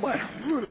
Bueno.